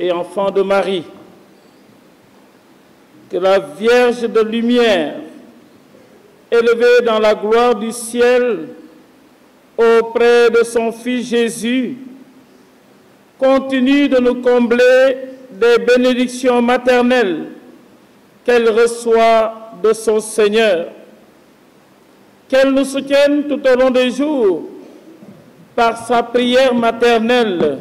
et enfants de Marie, que la Vierge de lumière, élevée dans la gloire du ciel auprès de son Fils Jésus, continue de nous combler des bénédictions maternelles qu'elle reçoit de son Seigneur. Qu'elle nous soutienne tout au long des jours par sa prière maternelle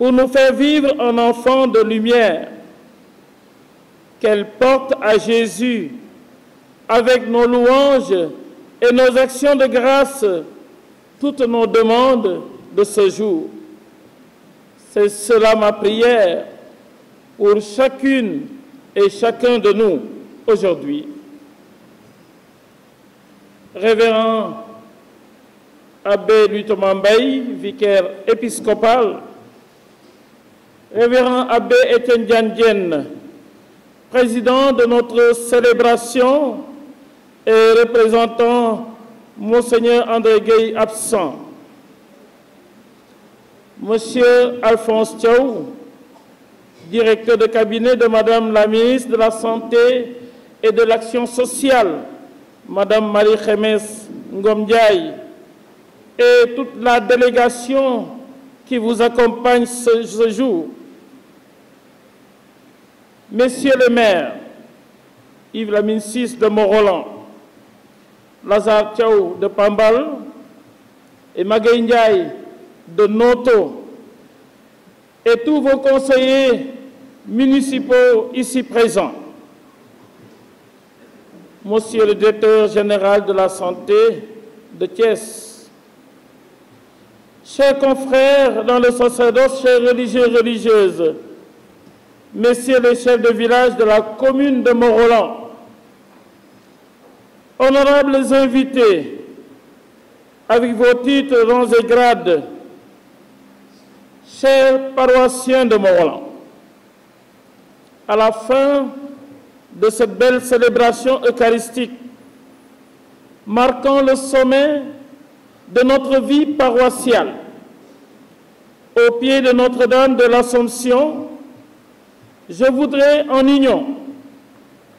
pour nous faire vivre un enfant de lumière qu'elle porte à Jésus avec nos louanges et nos actions de grâce, toutes nos demandes de ce jour. C'est cela ma prière pour chacune et chacun de nous aujourd'hui. Révérend Abbé Lutomambaï, vicaire épiscopal, Révérend Abbé Etienne Diandienne, président de notre célébration et représentant Monseigneur André Gueye absent, Monsieur Alphonse Tchou, directeur de cabinet de Madame la ministre de la Santé et de l'Action sociale, Madame Marie James Ngomdiaye, et toute la délégation qui vous accompagne ce jour. Messieurs les maires, Yves Lamine de Moroland, Lazare Tchao de Pambal et Magay de Noto, et tous vos conseillers municipaux ici présents, Monsieur le directeur général de la santé de Thiès, chers confrères dans le sacerdoce, chers religieux et religieuses, messieurs les chefs de village de la commune de Moroland, honorables invités, avec vos titres, dans et grades, chers paroissiens de Moroland, à la fin de cette belle célébration eucharistique, marquant le sommet de notre vie paroissiale, au pied de Notre-Dame de l'Assomption, je voudrais, en union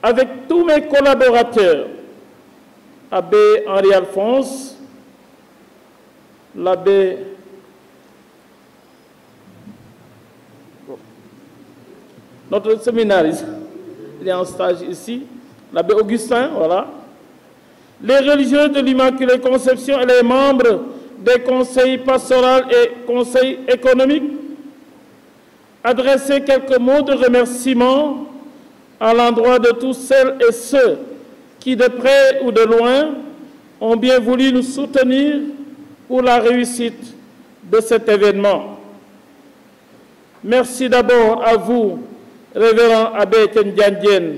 avec tous mes collaborateurs, Abbé Henri Alphonse, l'abbé notre séminaire, il est en stage ici, l'abbé Augustin, voilà, les religieux de l'Immaculée Conception et les membres des conseils pastoraux et conseils économiques, adresser quelques mots de remerciement à l'endroit de tous celles et ceux qui, de près ou de loin, ont bien voulu nous soutenir pour la réussite de cet événement. Merci d'abord à vous, révérend Abbé Etienne Diandienne,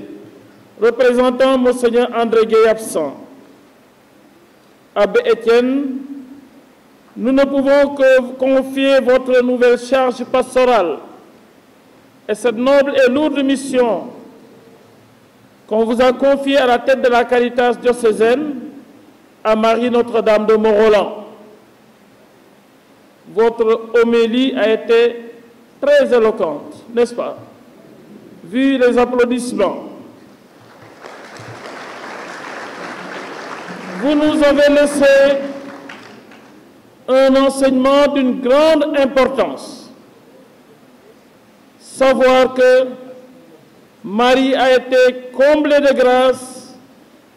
représentant Monseigneur André Gueye Abbé Etienne, nous ne pouvons que confier votre nouvelle charge pastorale et cette noble et lourde mission qu'on vous a confiée à la tête de la Caritas diocésaine à Marie Notre-Dame de Morolan. Votre homélie a été très éloquente, n'est-ce pas Vu les applaudissements. Vous nous avez laissé un enseignement d'une grande importance savoir que Marie a été comblée de grâce,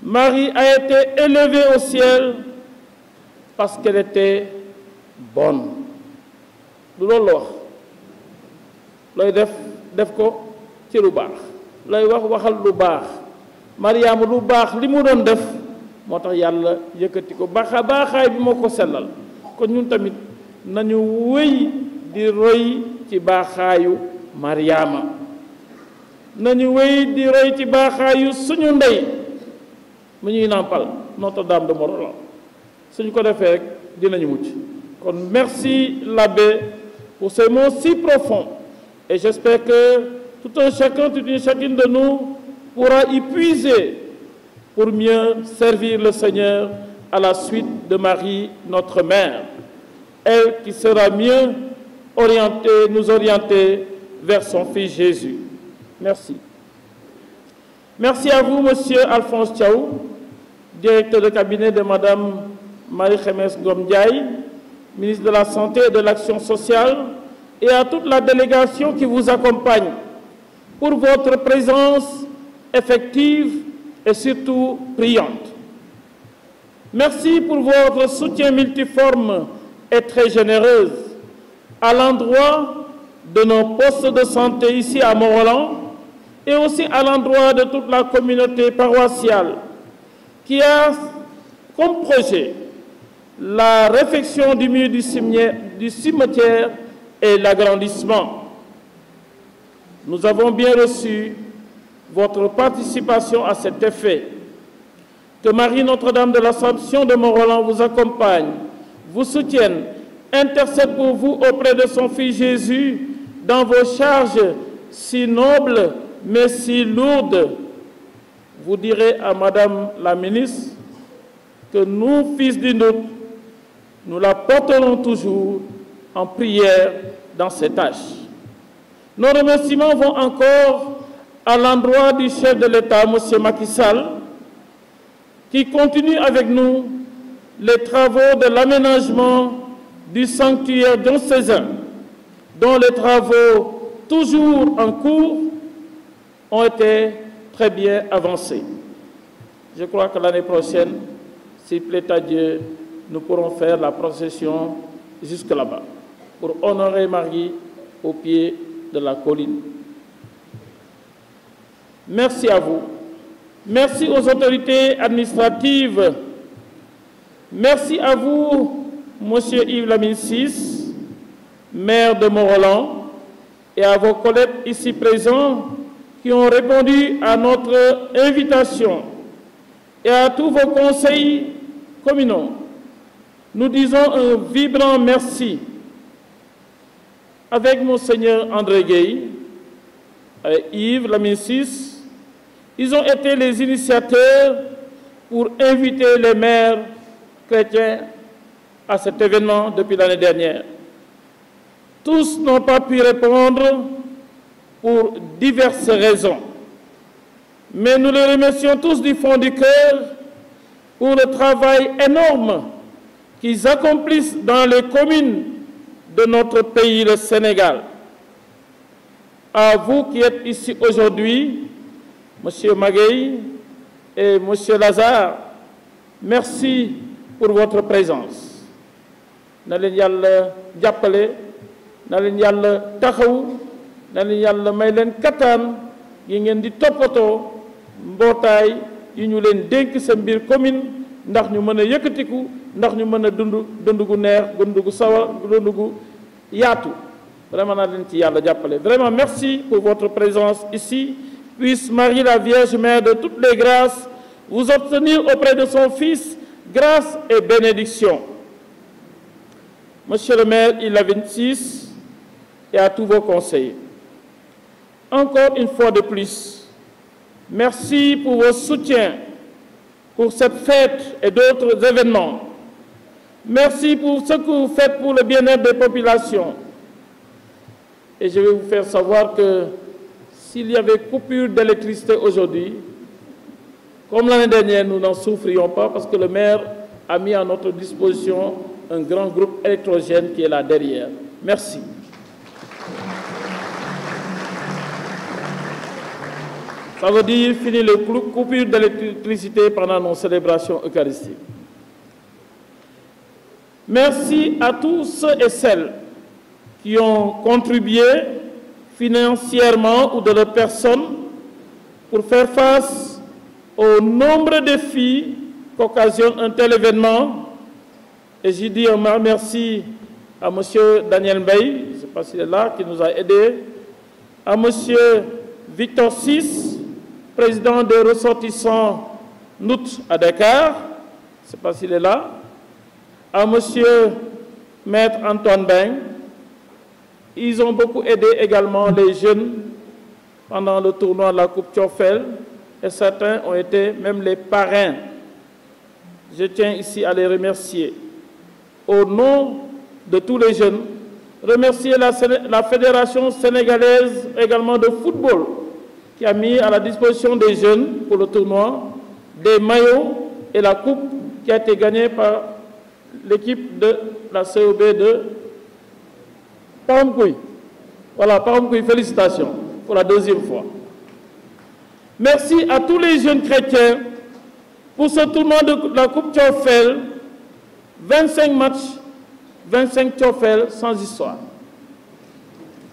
Marie a été élevée au ciel parce qu'elle était bonne. du loolu la wax looy def def ko ci lu baax looy wax waxal lu baax Mariam, lu bax limu mu doon def motax yalla yàlla ko baxa baaxaay bi moko sellal kon ñun tamit nañu wëy di roy ci baaxaayu Mariama nañu wéy di roy ci suñu ndey mu ñuy Notre Dame de que suñ ko defee rek dinañu mucc kon merci l'abbé pour ces mots si profonds et j'espère que tout un chacun toute une chacune de nous pourra y puiser pour mieux servir le Seigneur à la suite de Marie, notre mère, elle qui sera mieux orientée, nous orienter vers son Fils Jésus. Merci. Merci à vous, Monsieur Alphonse Tchaou, directeur de cabinet de Madame Marie-Khemes Gomdiaye, ministre de la Santé et de l'Action sociale, et à toute la délégation qui vous accompagne, pour votre présence effective et surtout brillante. Merci pour votre soutien multiforme et très généreux à l'endroit de nos postes de santé ici à Morolan et aussi à l'endroit de toute la communauté paroissiale qui a comme projet la réfection du milieu du cimetière, et l'agrandissement. Nous avons bien reçu votre participation à cet effet. Que Marie Notre-Dame de l'Assomption de mont vous accompagne, vous soutienne, intercède pour vous auprès de son Fils Jésus dans vos charges si nobles mais si lourdes, vous direz à Madame la ministre que nous, fils du nous la porterons toujours en prière dans ses tâches. Nos remerciements vont encore à l'endroit du chef de l'État, M. Macky Sall, qui continue avec nous les travaux de l'aménagement du sanctuaire Don dont les travaux, toujours en cours, ont été très bien avancés. Je crois que l'année prochaine, s'il plaît à Dieu, nous pourrons faire la procession jusque là-bas pour honorer Marie au pied de la colline. Merci à vous. Merci aux autorités administratives. Merci à vous, Monsieur Yves Lamincis maire de Mont-Roland et à vos collègues ici présents qui ont répondu à notre invitation et à tous vos conseils communaux. Nous disons un vibrant merci avec Monseigneur André Gueye, Yves Laminsis, ils ont été les initiateurs pour inviter les maires chrétiens à cet événement depuis l'année dernière. Tous n'ont pas pu répondre pour diverses raisons. Mais nous les remercions tous du fond du cœur pour le travail énorme qu'ils accomplissent dans les communes de notre pays, le Sénégal. À vous qui êtes ici aujourd'hui, M. Magui et M. Lazare, merci pour votre présence na leen taxaw na leen may leen kattaan yi ngeen di toppatoo mbotay yi ñu leen denk sa mbir commune ndax ñu mën a ndax ñu mën a dund dund gu neex dund gu sawa dund gu yaatu vraiment naa leen ci yalla jàppale vraiment merci pour votre présence ici puisse Marie la Vierge Mère de toutes les grâces vous obtenir auprès de son Fils grâce et bénédiction Monsieur le maire, il a 26 et à tous vos conseillers. Encore une fois de plus, merci pour vos soutiens pour cette fête et d'autres événements. Merci pour ce que vous faites pour le bien-être des populations. Et je vais vous faire savoir que s'il y avait coupure d'électricité aujourd'hui, comme l'année dernière, nous n'en souffrions pas parce que le maire a mis à notre disposition un grand groupe électrogène qui est là derrière. Merci. Ça veut dire finir les coupures d'électricité pendant nos célébrations eucharistiques. Merci à tous ceux et celles qui ont contribué financièrement ou de leur personne pour faire face au aux nombreux défis qu'occasionne un tel événement. Et je dis un merci à M. Daniel Bay, je ne sais pas s'il est là, qui nous a aidés, à M. Victor Sis, président des ressortissants NOUT à Dakar, je ne sais pas s'il est là, à M. Maître Antoine Beng. Ils ont beaucoup aidé également les jeunes pendant le tournoi de la Coupe Tchorfel et certains ont été même les parrains. Je tiens ici à les remercier. Au nom de tous les jeunes, remercier la Fédération sénégalaise également de football qui a mis à la disposition des jeunes pour le tournoi des maillots et la coupe qui a été gagnée par l'équipe de la COB de Paramkoui. Voilà, Paramkoui, félicitations pour la deuxième fois. Merci à tous les jeunes chrétiens pour ce tournoi de la Coupe Tchofel. 25 matchs, 25 Tchofel sans histoire.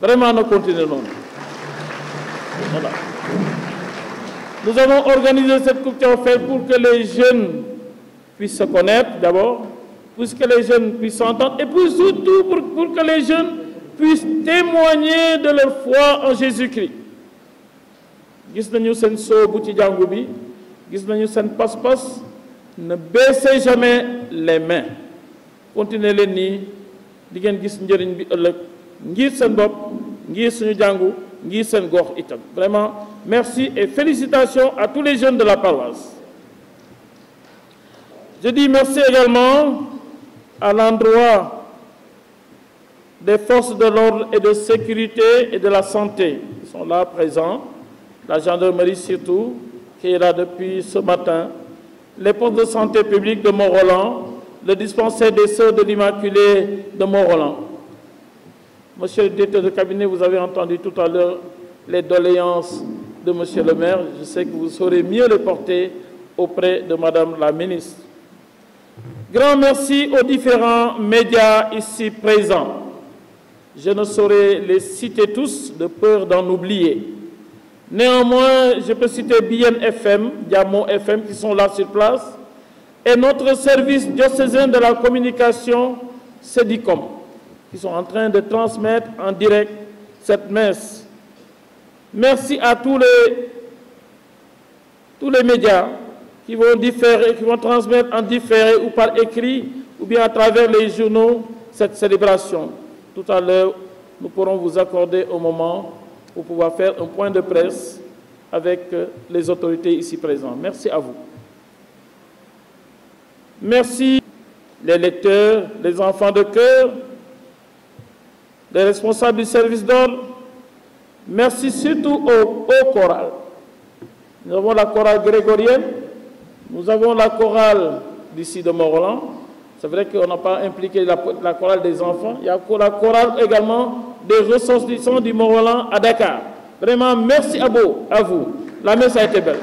Vraiment, nous continuerons. Voilà. Nous avons organisé cette culture fête pour que les jeunes puissent se connaître d'abord, pour que les jeunes puissent s'entendre et puis surtout pour, que les jeunes puissent témoigner de leur foi en Jésus-Christ. ne baissez jamais les mains continuez les nids vraiment merci et félicitations à tous les jeunes de la paroisse je dis merci également à l'endroit des forces de l'ordre et de sécurité et de la santé qui sont là présents, la gendarmerie surtout, qui est là depuis ce matin, les postes de santé publique de Mont-Roland, le dispensaire des Sœurs de l'Immaculée de Mont-Roland. Monsieur le directeur de cabinet, vous avez entendu tout à l'heure les doléances de Monsieur le maire. Je sais que vous saurez mieux les porter auprès de Madame la ministre. Grand merci aux différents médias ici présents. Je ne saurais les citer tous de peur d'en oublier. Néanmoins, je peux citer BNFM, FM, FM qui sont là sur place et notre service diocésain de la communication, SEDICOM qui sont en train de transmettre en direct cette messe. Merci à tous les, tous les médias qui vont, différer, qui vont transmettre en différé ou par écrit ou bien à travers les journaux cette célébration. Tout à l'heure, nous pourrons vous accorder au moment pour pouvoir faire un point de presse avec euh, les autorités ici présentes. Merci à vous. Merci les lecteurs, les enfants de cœur, les responsables du service d'ordre. Merci surtout au, au choral. Nous avons la chorale grégorienne, nous avons la chorale d'ici de Moroland. C'est vrai qu'on n'a pas impliqué la, chorale des enfants. Il y a la chorale également des ressortissants du Moroland à Dakar. Vraiment, merci à vous. À vous. La messe a été belle.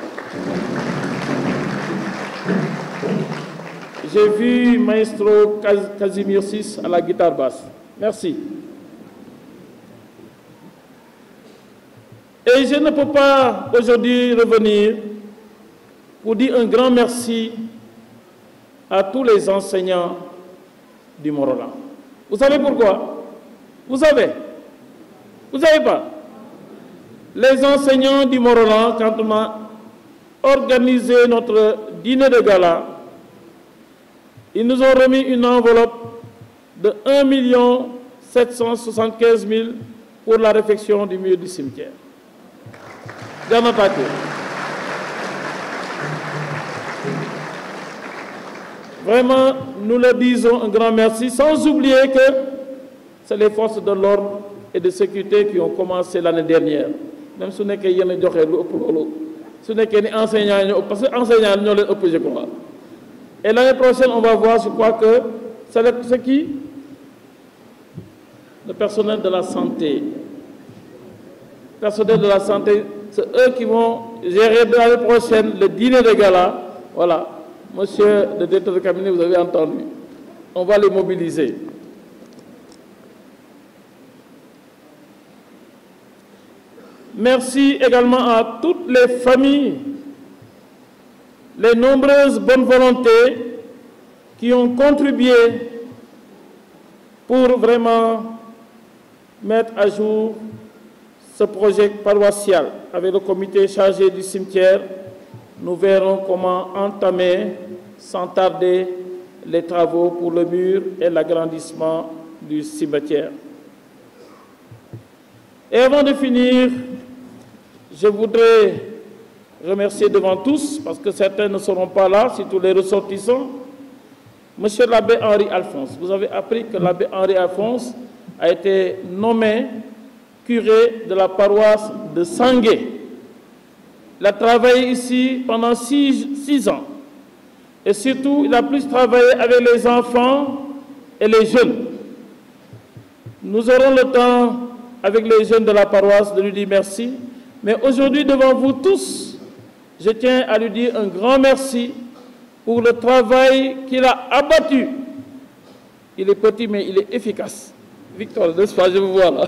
J'ai vu Maestro Casimir VI à la guitare basse. Merci. Et je ne peux pas aujourd'hui revenir pour dire un grand merci à tous les enseignants du Morola. Vous savez pourquoi Vous savez Vous savez pas Les enseignants du Morola, quand on a organisé notre dîner de gala, ils nous ont remis une enveloppe de 1 775 pour la réfection du mur du cimetière. Vraiment, nous leur disons un grand merci, sans oublier que c'est les forces de l'ordre et de sécurité qui ont commencé l'année dernière. Même si nous ce n'est enseignant, parce que enseignant, nous Et l'année prochaine, on va voir, je quoi que c'est qui Le personnel de la santé. Personnel de la santé c'est eux qui vont gérer l'année prochaine le dîner de gala. Voilà, monsieur le directeur de cabinet, vous avez entendu. On va les mobiliser. Merci également à toutes les familles, les nombreuses bonnes volontés qui ont contribué pour vraiment mettre à jour ce projet paroissial avec le comité chargé du cimetière, nous verrons comment entamer sans tarder les travaux pour le mur et l'agrandissement du cimetière. Et avant de finir, je voudrais remercier devant tous, parce que certains ne seront pas là, si tous les ressortissants, Monsieur l'abbé Henri Alphonse. Vous avez appris que l'abbé Henri Alphonse a été nommé curé de la paroisse de Sangué. Il a travaillé ici pendant six, six ans. Et surtout, il a plus travaillé avec les enfants et les jeunes. Nous aurons le temps, avec les jeunes de la paroisse, de lui dire merci. Mais aujourd'hui, devant vous tous, je tiens à lui dire un grand merci pour le travail qu'il a abattu. Il est petit, mais il est efficace. Victor, n'est-ce pas Je vous vois là.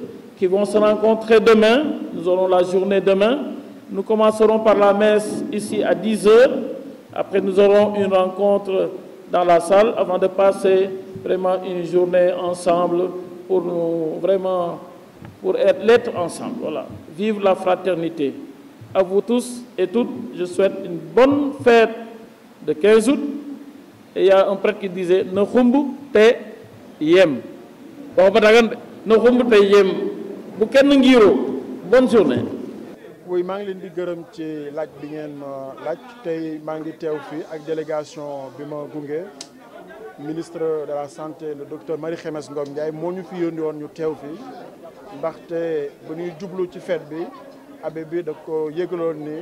qui vont se rencontrer demain. Nous aurons la journée demain. Nous commencerons par la messe ici à 10 h Après, nous aurons une rencontre dans la salle avant de passer vraiment une journée ensemble pour nous vraiment pour l'être ensemble. Voilà. Vive la fraternité. À vous tous et toutes, je souhaite une bonne fête de 15 août. Et il y a un prêtre qui disait khumbu te yem. Bon, te yem bu kenn bonne journée. oui maa ngi leen di gërëm ci laaj bi ngeen laaj tey ngi teew fi ak délégation bima gungé ministre de la santé le docteur Marie Khemesse Ngom Ndiaye moo ñu fi yónni won ñu teew fii ndaxte bu ñuy jublu ci fête bi abé bi da ko yëgaloon ni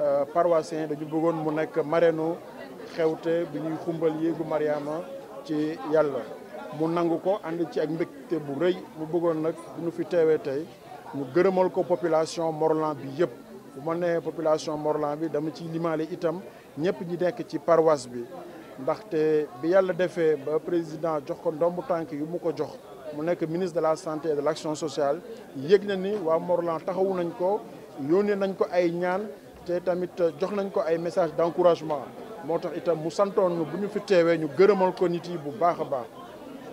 euh, paroissien dañu bëggoon mu nekk maréno xewté bu ñuy xumbal yéegu Mariama ci Yalla mu nangu ko ànd ci ak mbekté bu reuy mu bëggoon nak bu ñu fi téwé tay mu gërëmal ko population Morlan bi yépp bu ma né population Morlan bi dama ci limalé itam ñëpp ñi dékk ci paroisse bi té bi yalla défé ba président jox ko ndomb tank yu mu ko jox mu nekk ministre de la santé et de l'action sociale yëg na ni waa Morlan taxawu nañ ko yónnee nañ ko ay ñaan té tamit jox nañ ko ay message d'encouragement moo tax itam mu santone bu ñu fi téwé ñu gërëmal ko nit yi bu baaxa baax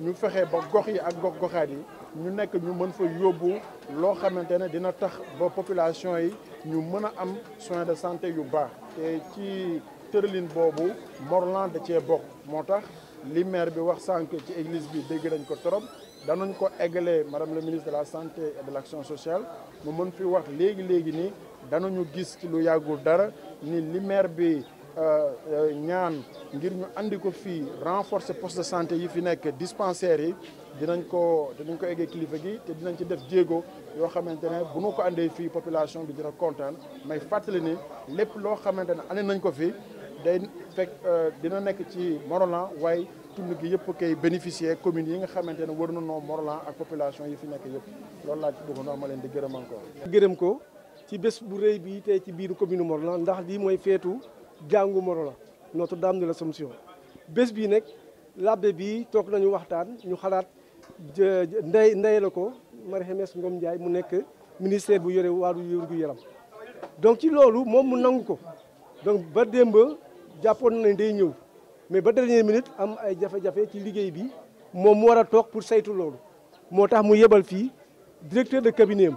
ñu fexe ba gox yi ak gox goxaat ñu nekk ñu mën fa yóbbu loo xamante dina tax ba population yi ñu mën am soins de santé yu baax te ci tëralin boobu Morlan da cee bokk li maire bi wax sànq ci église bi dégg nañ ko trop danañ ko eggalee madame le ministre de la santé et de l'action sociale mo mën fi wax légui léegi nii danañu gis ci lu yagul dara ni li maire bi. Euh, ñaan ngir ñu andi ko fii renforcer poste de santé yi fi nekk dispensaires yi dinañ ko dinañ ko eggee kilifa gi te dinañ ci def jéego yoo xamante ne bu nu ko andee fii population bi dina kontaan may fàttali ni lépp loo xamante ne andi nañ ko fii day fekk euh, dina nekk ci Morolan waaye tund gi yëpp kay bénéficier commune yi nga xamante ne war na Morolan ak population yi fi nekk yëpp loolu laa ci bëgg noo ma leen di gërëm encore. gërëm ko ci bés bu rëy bi tey ci biiru commune Morolan ndax lii mooy feetu. jàngu moro la Notre Dame de l'Assomption bés bii nag labbe bi toog nañu waxtaan ñu xalaat ndey ndey la ko Marie Khemesse Ngom Ndiaye mu nekk ministère bu yore wàllu gu yaram donc ci loolu moom mu nangu ko donc ba démb jàppoon nañ day ñëw mais ba dernière minute am ay jafe-jafe ci liggéey bi moom mu war a toog pour saytu loolu moo tax mu yebal fii directeur de cabinet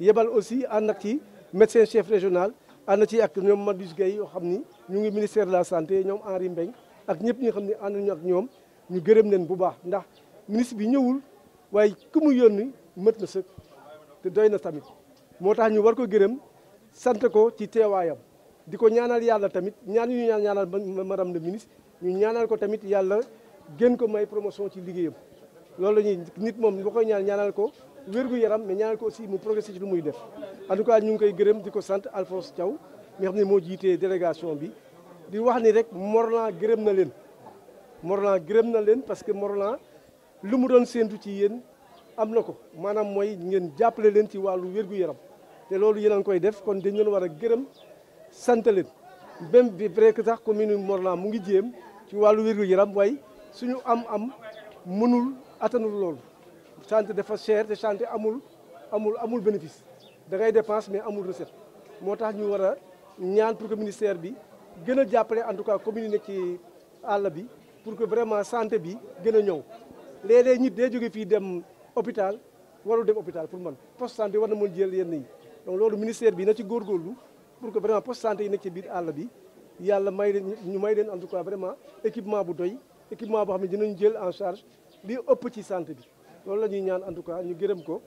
yebal aussi ànd ak ci médecin chef régional ànd ci ak ñoom Madouche Gueye yoo xam ni ñu ngi ministère de la santé ñoom Henri Mbengue ak ñëpp ñi nga xam ne ànd nañu ak ñoom ñu gërëm leen bu baax ndax ministre bi ñëwul waaye ku mu yónni na sëkk te doy tamit moo ñu war ko gërëm sant ko ci teewaayam di ñaanal yàlla tamit ñaan yu ñaan ñaanal madame le ministre ñu ñaanal ko tamit yàlla gën ko may promotion ci liggéeyam loolu la nit moom boo koy ñaan ñaanal ko wérgu yaram mais ñaanal ko aussi mu progressé ci lu muy def en tout cas ñu ngi koy gërëm di ko sant Alphonse Thiaw mi xam ni moo jiitee délégation bi di wax ni rek Morlan gërëm na leen Morlan gërëm na leen parce que Morlan lu mu doon séentu ci yéen am na ko maanaam mooy ngeen jàppale leen ci wàllu wérgu yaram te loolu yéen a ngi koy def kon dañ leen war a gërëm sant leen même bi vrai que sax commune Morlan mu ngi jéem ci wàllu wérgu yaram waaye suñu am am mënul attanul loolu chantier dafa cher te chantier amul amul amul bénéfice da ngay dépense mais amul recette moo tax ñu war a ñaan pour que ministère bi gën a jàppale en tout cas commune yi ci àll bi pour que vraiment santé bi gën a ñëw léeg-léeg nit day jóge fii dem hôpital warul dem hôpital pour man poste santé war na mën jël yenn yi donc loolu ministère bi na ci góorgóorlu pour que vraiment poste santé yi nekk ci biir àll bi yàlla may leen ñu may leen en tout cas vraiment équipement bu doy équipement boo xam ne dinañu jël en li ëpp ci santé bi loolu la ñuy ñaan en tout cas ñu gërëm ko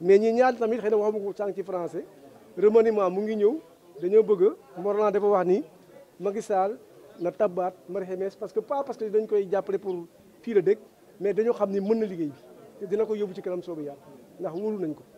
mais ñi ñaan tamit xëy na waxuma ko sànq ci français remaniement mu ngi ñëw dañoo bëgg Morlan dafa wax ni Macky Sall na tabaat Marie Khemesse parce que pas parce que dañ koy jàppale pour fii la dëkk mais dañoo xam ni mën na liggéey bi te dina ko yóbbu ci kanam soobu yàlla ndax wóolu nañ ko